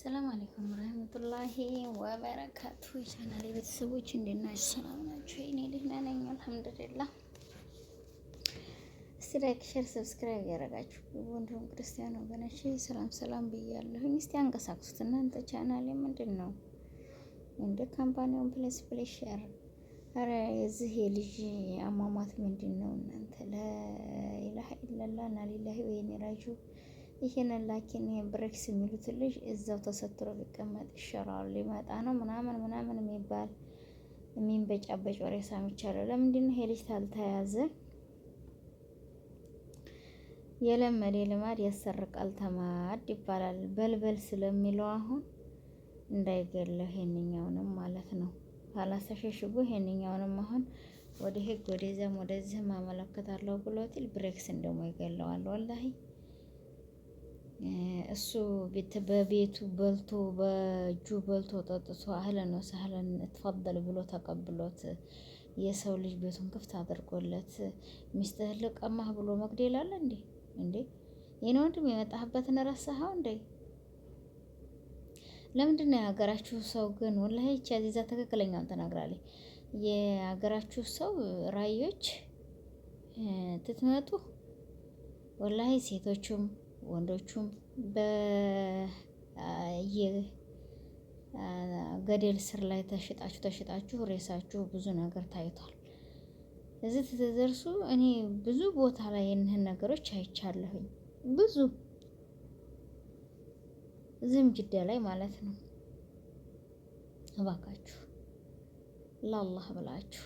ሰላም አለይኩም ረህመቱላሂ ወበረካቱ። የቻናል ቤተሰቦች እንዴት ናችሁ? ሰላም ናችሁ? እኔ ደህና ነኝ አልሐምዱሊላህ። እስቲ ላይክ፣ ሼር፣ ሰብስክራይብ ያደረጋችሁ ወንድም ክርስቲያን ወገኖች ሰላም ሰላም ብያለሁኝ። እስቲ አንቀሳቅሱት እናንተ ቻናሌ ምንድን ነው እንደ ካምፓኒውን ፕሌስ ፕሌስ ሼር። ኧረ የዚህ የልጅ አሟሟት ምንድን ነው እናንተ? ላኢላሀ ኢለላህ እና ሊላሂ ወኢና ራጂዑን ይሄንን ላኪን ይሄን ብሬክስ የሚሉት ልጅ እዛው ተሰትሮ ቢቀመጥ ይሻላል። ሊመጣ ነው ምናምን ምናምን የሚባል የሚንበጫበጭ ወሬ ሰምቻለሁ። ለምንድን ነው ይሄ ልጅ ታልተያዘ? የለመደ ልማድ ያሰርቃል ተማድ ይባላል። በልበል ስለሚለው አሁን እንዳይገለው ይሄንኛውንም ማለት ነው ካላስተሸሽጉ ይሄንኛውንም አሁን ወደ ህግ ወደዚያም ወደዚህም አመለከታለሁ ብሎትል ብሬክስን ደግሞ ይገለዋል ወላሂ እሱ በቤቱ በልቶ በእጁ በልቶ ጠጥቶ አህለን ወሰህለን እትፈበል ብሎ ተቀብሎት የሰው ልጅ ቤቱን ክፍት አድርጎለት ሚስትህ ልቀማህ ብሎ መግደል አለ እንዴ? እንዴ የኔ ወንድም የመጣህበትን ረሳኸው እንዴ? ለምንድን ነው የሀገራችሁ ሰው ግን ወላሂ ይቺ አዚዛ ትክክለኛውን ተናግራለች። የሀገራችሁ ሰው ራዮች ትትመጡ ወላሂ ሴቶቹም ወንዶቹም በየገደል ስር ላይ ተሽጣችሁ ተሽጣችሁ ሬሳችሁ ብዙ ነገር ታይቷል። እዚህ ትደርሱ። እኔ ብዙ ቦታ ላይ ይህንን ነገሮች አይቻለሁኝ። ብዙ ዝም ጅዳ ላይ ማለት ነው። እባካችሁ ለአላህ ብላችሁ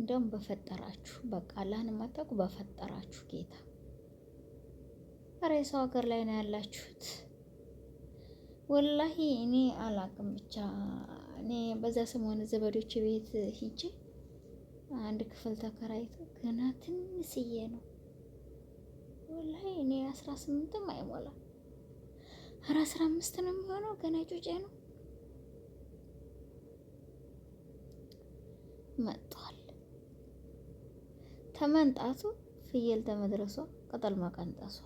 እንደውም በፈጠራችሁ በቃ አላህን ማታውቁ በፈጠራችሁ ጌታ ኧረ የሰው ሀገር ላይ ነው ያላችሁት። ወላሂ እኔ አላቅም። ብቻ እኔ በዛ ሰሞን ዘበዶች ቤት ሂጄ አንድ ክፍል ተከራይቶ ገና ትንሽዬ ነው ወላሂ እኔ አስራ ስምንትም አይሞላ ኧረ አስራ አምስት ነው የሚሆነው ገና ጩጬ ነው መጥቷል። ተመንጣቱ ፍየል ተመድረሷ ቅጠል መቀንጠሷ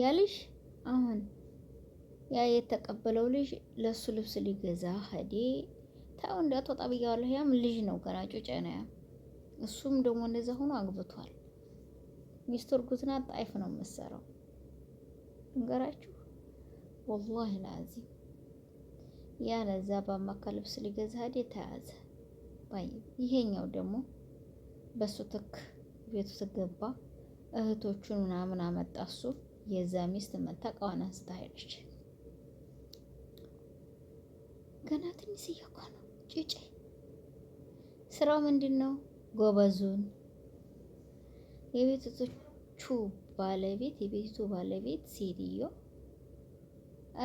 ያ ልጅ አሁን ያ የተቀበለው ልጅ ለሱ ልብስ ሊገዛ ሄዴ ታው እንዳትወጣ ብያዋለሁ። ያም ልጅ ነው ገና ጩጬ ነው። ያ እሱም ደግሞ እንደዛ ሆኖ አግብቷል። ሚስተር ጉትና ጣይፍ ነው የምትሰራው። እንገራችሁ ወላሂ ላዚ ያ ለዛ በአማካ ልብስ ሊገዛ ሄዴ ተያዘ። ባይ ይሄኛው ደግሞ በሱ ትክ ቤቱ ትገባ እህቶቹን ምናምን አመጣሱ የዛ ሚስት መታ እቃዋን አንስታ ሄደች። ገና ትንሽ እያኳ ነው ጭጭ። ስራው ምንድን ነው? ጎበዙን የቤቶቹ ባለቤት የቤቱ ባለቤት ሴትዮ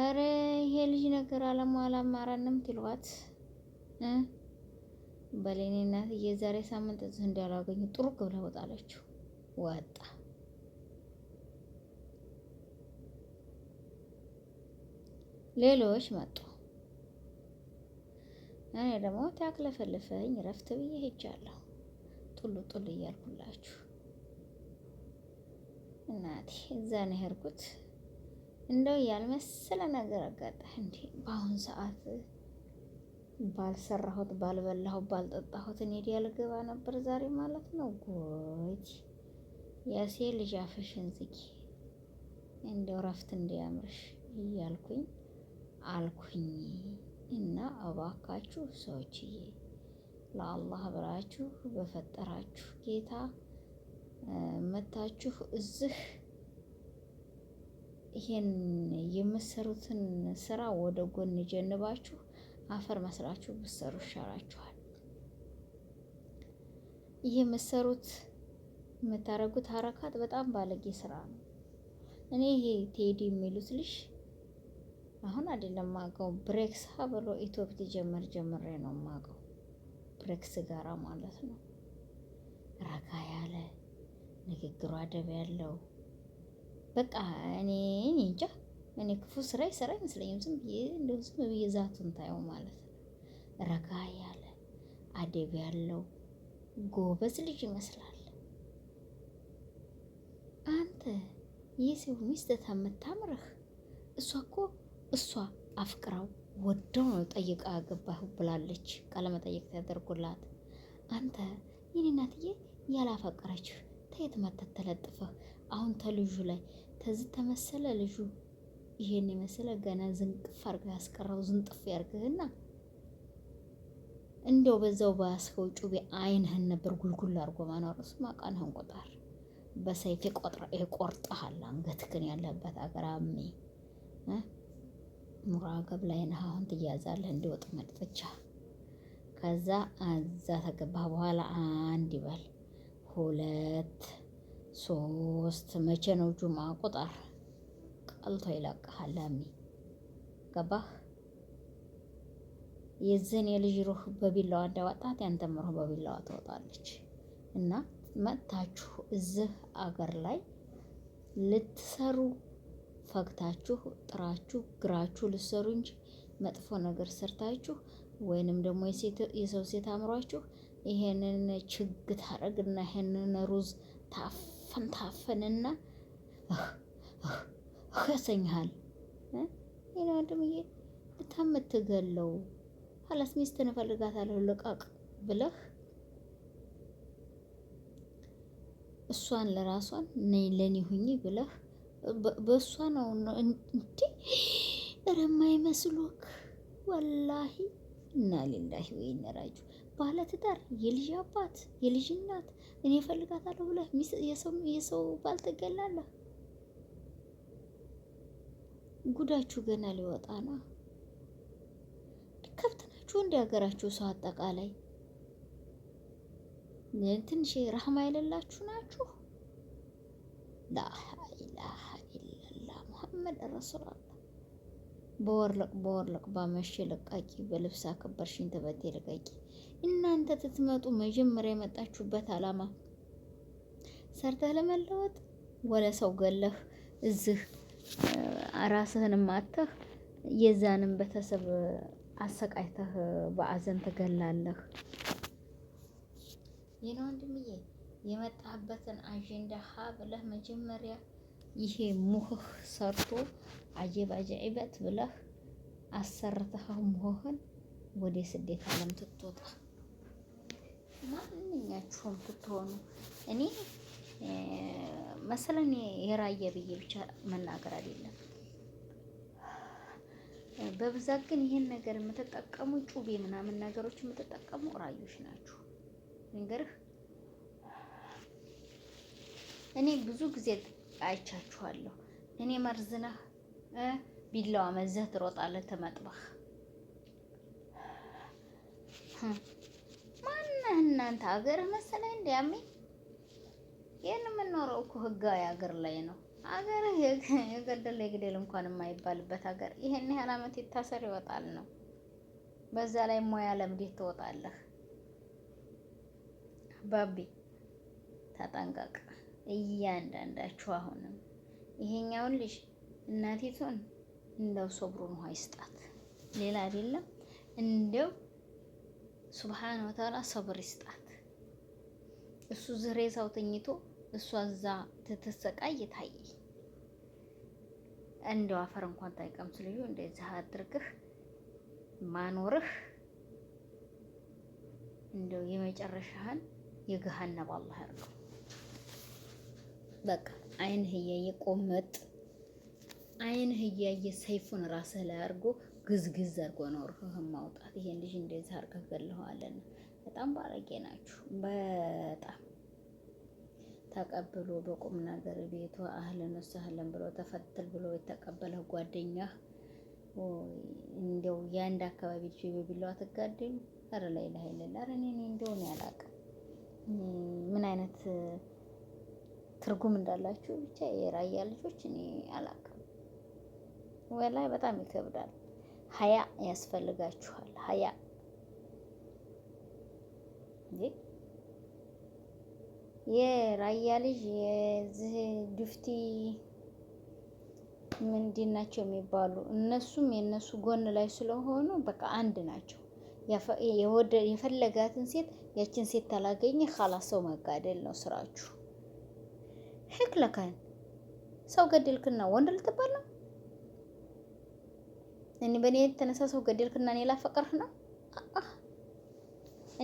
አረ ይሄ ልጅ ነገር አለም አላማራንም ትሏት በሌኔ እናትዬ ዛሬ ሳምንት እዚህ እንዳላገኙ ጥሩ ግብላ ወጣለችው ወጣ ሌሎች መጡ። እኔ ደግሞ ታክለፈልፈኝ እረፍት ብዬ ሄጃለሁ። ጡሉ ጡሉ እያልኩላችሁ እናቴ እዛ ነው የሄድኩት። እንደው ያልመሰለ ነገር አጋጣ እንዲ በአሁን ሰዓት ባልሰራሁት ባልበላሁት ባልጠጣሁት እኔ ዲያልገባ ነበር ዛሬ ማለት ነው። ጎጅ የሴ ልጅ አፍሽን ዝጊ እንደው እረፍት እንዲያምርሽ እያልኩኝ አልኩኝ። እና እባካችሁ ሰዎችዬ ለአላህ ብላችሁ በፈጠራችሁ ጌታ መታችሁ እዚህ ይሄን የምትሰሩትን ስራ ወደ ጎን ጀንባችሁ አፈር መስራችሁ ብትሰሩ ይሻላችኋል። ይሄ የምትሰሩት የምታረጉት ሀረካት በጣም ባለጌ ስራ ነው። እኔ ይሄ ቴዲ የሚሉት ልጅ አሁን አይደለም ማቀው ብሬክስ ብሎ ኢትዮፕቲ ጀመር ጀምሬ ነው ማቀው ብሬክስ ጋራ ማለት ነው። ረጋ ያለ ንግግሩ አደብ ያለው በቃ እኔ እንጃ እኔ ክፉ ስራ ይሰራ አይመስለኝም። ዝም ብዬ እንደው ዝም ብዬ ዛቱን ታየው ማለት ነው። ረጋ ያለ አደብ ያለው ጎበዝ ልጅ ይመስላል። አንተ የሰው ሚስት ታምታምርህ እሷ እኮ እሷ አፍቅራው ወደው ነው ጠይቃ ገባሁ ብላለች። ቃለ ቃለመጠይቅ ተደርጎላት አንተ የኔ እናትዬ ያላፈቀረችህ ተየት መተት ተለጥፈህ አሁን ተልጁ ላይ ተዚህ ተመሰለ ልጁ ይሄን የመሰለ ገና ዝንጥፍ አርገ ያስቀረው ዝንጥፍ ያርግህና እንደው በዛው በያስከው ጩቤ አይንህን ነበር ጉልጉል አርጎ ማኖር እሱ ማቃንህን ቆጣር በሰይፍ የቆርጠሃል አንገትህን ያለህበት አገራሜ ሙራገብ ላይ ነህ አሁን ትያዛለህ እንዲወጥ መጥፈቻ ከዛ እዛ ተገባህ በኋላ አንድ ይበል ሁለት ሶስት መቼ ነው ጁማ ቁጠር ቀልቶ ይለቅሃል ላሚ ገባህ የዝን የልጅ ሩህ በቢላዋ እንዳወጣት ያንተም ሩህ በቢላዋ ትወጣለች እና መጥታችሁ እዚህ አገር ላይ ልትሰሩ ፈግታችሁ ጥራችሁ ግራችሁ ልሰሩ እንጂ መጥፎ ነገር ሰርታችሁ ወይንም ደግሞ የሰው ሴት አምሯችሁ ይሄንን ችግ ታረግና ይሄንን ሩዝ ታፈን ታፈንና ያሰኝሃል። ይህን ወንድምዬ ብታምትገለው ኋላስ ሚስትን እፈልጋታለሁ ልቀቅ ብለህ እሷን ለራሷን ነይ ለኔ ሁኚ ብለህ በእሷ ነው እንዲ ረማ ይመስሎክ ወላሂ እና ሊላሂ ወይ ነራጁ ባለ የልጅ አባት የልጅ እናት እኔ እፈልጋታለሁ ብለህ የሰው ባል ትገላለህ። ጉዳችሁ ገና ሊወጣ ነው። ከብት ናችሁ እንደ ሀገራችሁ ሰው አጠቃላይ ትንሽ ረህማ የሌላችሁ ናችሁ ላ መሐመድ ረሱላላ በወርልቅ በወርልቅ ባመሸ ልቃቂ በልብስ አከበርሽኝ ተበቴ ለቃቂ። እናንተ ትትመጡ መጀመሪያ የመጣችሁበት አላማ ሰርተህ ለመለወጥ ወለ ሰው ገለህ እዚህ ራስህን ማተህ የዛንም ቤተሰብ አሰቃይተህ በአዘን ትገላለህ። ይህ ነው ወንድምዬ የመጣህበትን አጀንዳ ሀ ብለህ መጀመሪያ ይሄ ሙህህ ሰርቶ አጀብ አጃኢበት ብለህ አሰርተኸው ሙህህን ወደ ስደት ዓለም ትትወጣ ማንኛችሁም ትትሆኑ እኔ መሰለን የራየ ብዬ ብቻ መናገር አይደለም። በብዛት ግን ይህን ነገር የምትጠቀሙ ጩቤ ምናምን ነገሮች የምትጠቀሙ ራዮች ናችሁ። እንግዲህ እኔ ብዙ ጊዜ አይቻችኋለሁ። እኔ መርዝነህ ቢላዋ መዘህ ትሮጣለህ ትመጥበህ ማነህ እናንተ ሀገርህ መሰለህ እንዲያሚ ይህን የምንኖረው እኮ ህጋዊ ሀገር ላይ ነው። ሀገርህ የገደለ የግደል እንኳን የማይባልበት ሀገር ይህን ያህል አመት ይታሰር ይወጣል ነው። በዛ ላይ ሙያ ለምዴት ትወጣለህ። ባቢ ተጠንቀቅ። እያንዳንዳችሁ አሁንም ይሄኛውን ልጅ እናቲቱን እንደው ሶብሩን ውሃ ይስጣት፣ ሌላ አይደለም። እንደው ሱብሓነ ወተዓላ ሰብር ይስጣት። እሱ ዝሬ ሰው ተኝቶ እሷ እዛ ትትሰቃይ ታይ እንደው አፈር እንኳን ታይቀምስ ልዩ እንደዚህ አድርግህ ማኖርህ እንደው የመጨረሻህን የገሃነብ አላህ ያርገው። በቃ አይንህ እያየ ቆመጥ አይንህ እያየ ሰይፉን ራስህ ላይ አድርጎ ግዝግዝ አድርጎ ነው ርህህን ማውጣት። ይሄን ልጅ እንደዚህ አድርገህ ገለኸዋልና በጣም ባለጌ ናችሁ። በጣም ተቀብሎ በቁም ነገር ቤቱ አህለን ወሰህለን ብሎ ተፈትል ብሎ የተቀበለህ ጓደኛህ እንደው የአንድ አካባቢ ልጅ በቢላዋ ትጋደሉ። ኧረ ላይ ላይ ለላ ኧረ እንደው ነው ያላቀ ምን አይነት ትርጉም እንዳላችሁ ብቻ የራያ ልጆች እኔ አላውቅም። ወላሂ በጣም ይከብዳል። ሀያ ያስፈልጋችኋል። ሀያ የራያ ልጅ የዚህ ድፍቲ ምንድን ናቸው የሚባሉ እነሱም የእነሱ ጎን ላይ ስለሆኑ በቃ አንድ ናቸው። የፈለጋትን ሴት ያችን ሴት ታላገኘ ካላ መጋደል ነው ስራችሁ። ሽክለከን ሰው ገደልክና ወንድ ልትባል ነው? እኔ በእኔ የተነሳ ሰው ገደልክና እኔ ላፈቀርህ ነው?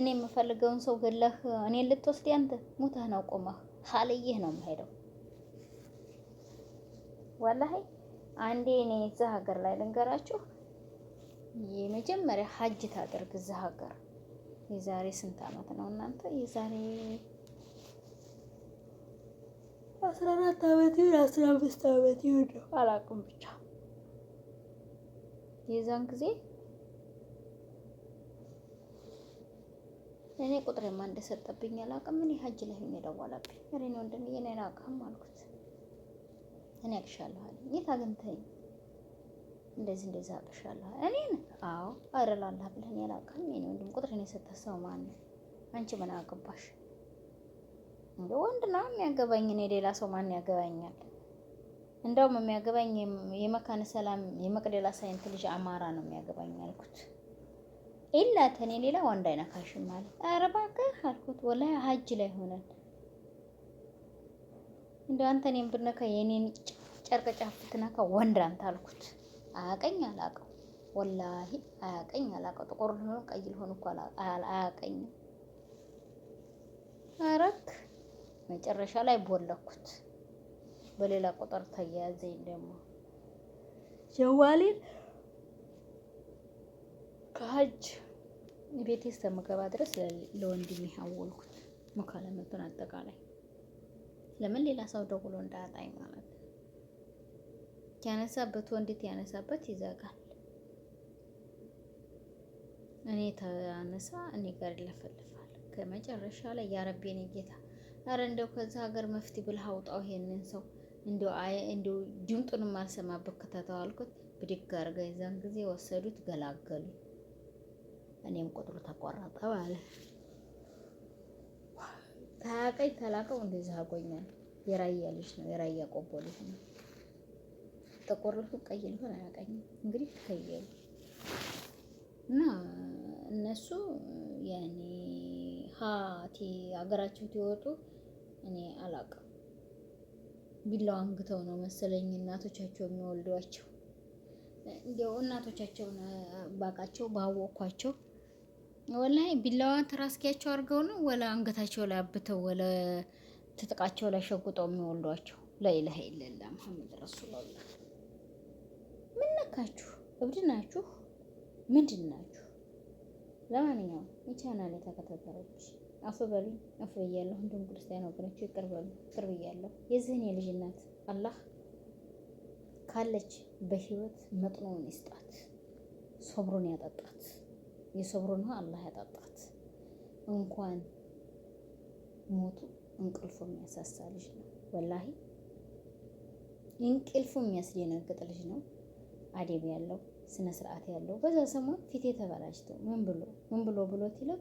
እኔ የምፈልገውን ሰው ገለህ እኔ ልትወስድ አንተ ሙተህ ነው ቆመህ ሀልይህ ነው የምሄደው። ዋላሂ አንዴ እኔ እዛ ሀገር ላይ ልንገራችሁ፣ የመጀመሪያ ሀጅ ታደርግ እዛ ሀገር የዛሬ ስንት አመት ነው እናንተ የዛሬ አስራ አራት ዓመት ይሁን አስራ አምስት ዓመት ይሁን ነው አላውቅም። ብቻ የዛን ጊዜ እኔ ቁጥሬማ እንደሰጠብኝ አላውቅም። እኔ ሀጅ ላይ ሆኜ ደወለብኝ። እኔ ወንድሜ እኔ አላውቅም አልኩት። እኔ አቅሻለሁ አለኝ። የት አግኝተኸኝ እንደዚህ እንደዚህ አቅሻለሁ? እኔን? አዎ። አረላላ ብለን ብለህ እኔ አላውቅም። እኔ ወንድም ቁጥሬን የሰጠህ ሰው ማን ነው? አንቺ ምን አገባሽ? እንደ ወንድ ነው የሚያገባኝ። እኔ ሌላ ሰው ማን ያገባኛል? እንደውም የሚያገባኝ የመካነ ሰላም የመቅደላ ሳይንት ልጅ አማራ ነው የሚያገባኝ አልኩት። ኢላ ተኔ ሌላ ወንድ አይነካሽም ማለት ኧረ እባክህ አልኩት። ወላሂ ሀጅ ላይ ሆነን እንደ አንተ እኔን ብነካ የኔን ጨርቅ ጫፍ ብትነካ ወንድ አንተ አልኩት። አያቀኝ አላቀው ወላሂ አያቀኝ አላቀው። ጥቁር ልሆን ቀይ ልሆን እኮ አያቀኝም። አረክ መጨረሻ ላይ ቦለኩት። በሌላ ቁጥር ተያያዘኝ። ደግሞ ጀዋሌን ከሀጅ ቤቴ እስከምገባ ድረስ ለወንድሜ አወልኩት። መካለመቱን አጠቃላይ ለምን ሌላ ሰው ደውሎ እንዳያጣኝ ማለት ነው። ያነሳበት ወንድት ያነሳበት ይዘጋል። እኔ ተነሳ እኔ ጋር ይለፈልፋል። ከመጨረሻ ላይ የአረቤን ጌታ አረ እንደው ከዛ ሀገር መፍትሄ ብለህ አውጣው ይሄንን ሰው እንደው አይ እንደው ድምጡንም አልሰማበት ከተተዋልኩት ብድግ አድርጋ የዛን ጊዜ ወሰዱት፣ ገላገሉ። እኔም ቁጥሩ ተቆረጠ አለ። ታያቀኝ ተላቀው እንደዚህ አጎኛል። የራያ ልጅ ነው፣ የራያ ቆቦ ልጅ ነው። ጥቁር ልሁን ቀይ ልሁን አያቀኝም። እንግዲህ ከየሉ እና እነሱ ያኔ ሀቲ ሀገራቸው ሲወጡ እኔ አላውቅም። ቢላዋ አንግተው ነው መሰለኝ እናቶቻቸው የሚወልዷቸው። እንዲያው እናቶቻቸውን ባቃቸው ባወኳቸው ወላሂ ቢላዋን ተራስኪያቸው አድርገው ነው ወላ አንገታቸው ላይ አብተው ወለ ትጥቃቸው ላይ ሸጉጠው የሚወልዷቸው። ላኢላሀ ኢለላ መሐመድ ረሱሉላህ። ምን ነካችሁ? እብድ ናችሁ? ምንድን ናችሁ? ለማንኛውም የቻናል ተከታታዮች አፉ በሉኝ፣ አፉ እንዲሁም ክርስቲያን ወገኖቹ ይቅር በሉኝ፣ የዚህን የልጅ እናት አላህ ካለች በህይወት መጥኖውን ይስጣት፣ ሶብሩን ያጠጣት፣ የሶብሩን አላህ ያጠጣት። እንኳን ሞቱ እንቅልፉ የሚያሳሳ ልጅ ነው። ወላሂ እንቅልፉ የሚያስደነግጥ ልጅ ነው። አደብ ያለው ስነ ስርዓት ያለው በዛ ሰሞን ፊቴ ተበላሽቶ ምን ብሎ ምን ብሎ ብሎት ይለቅ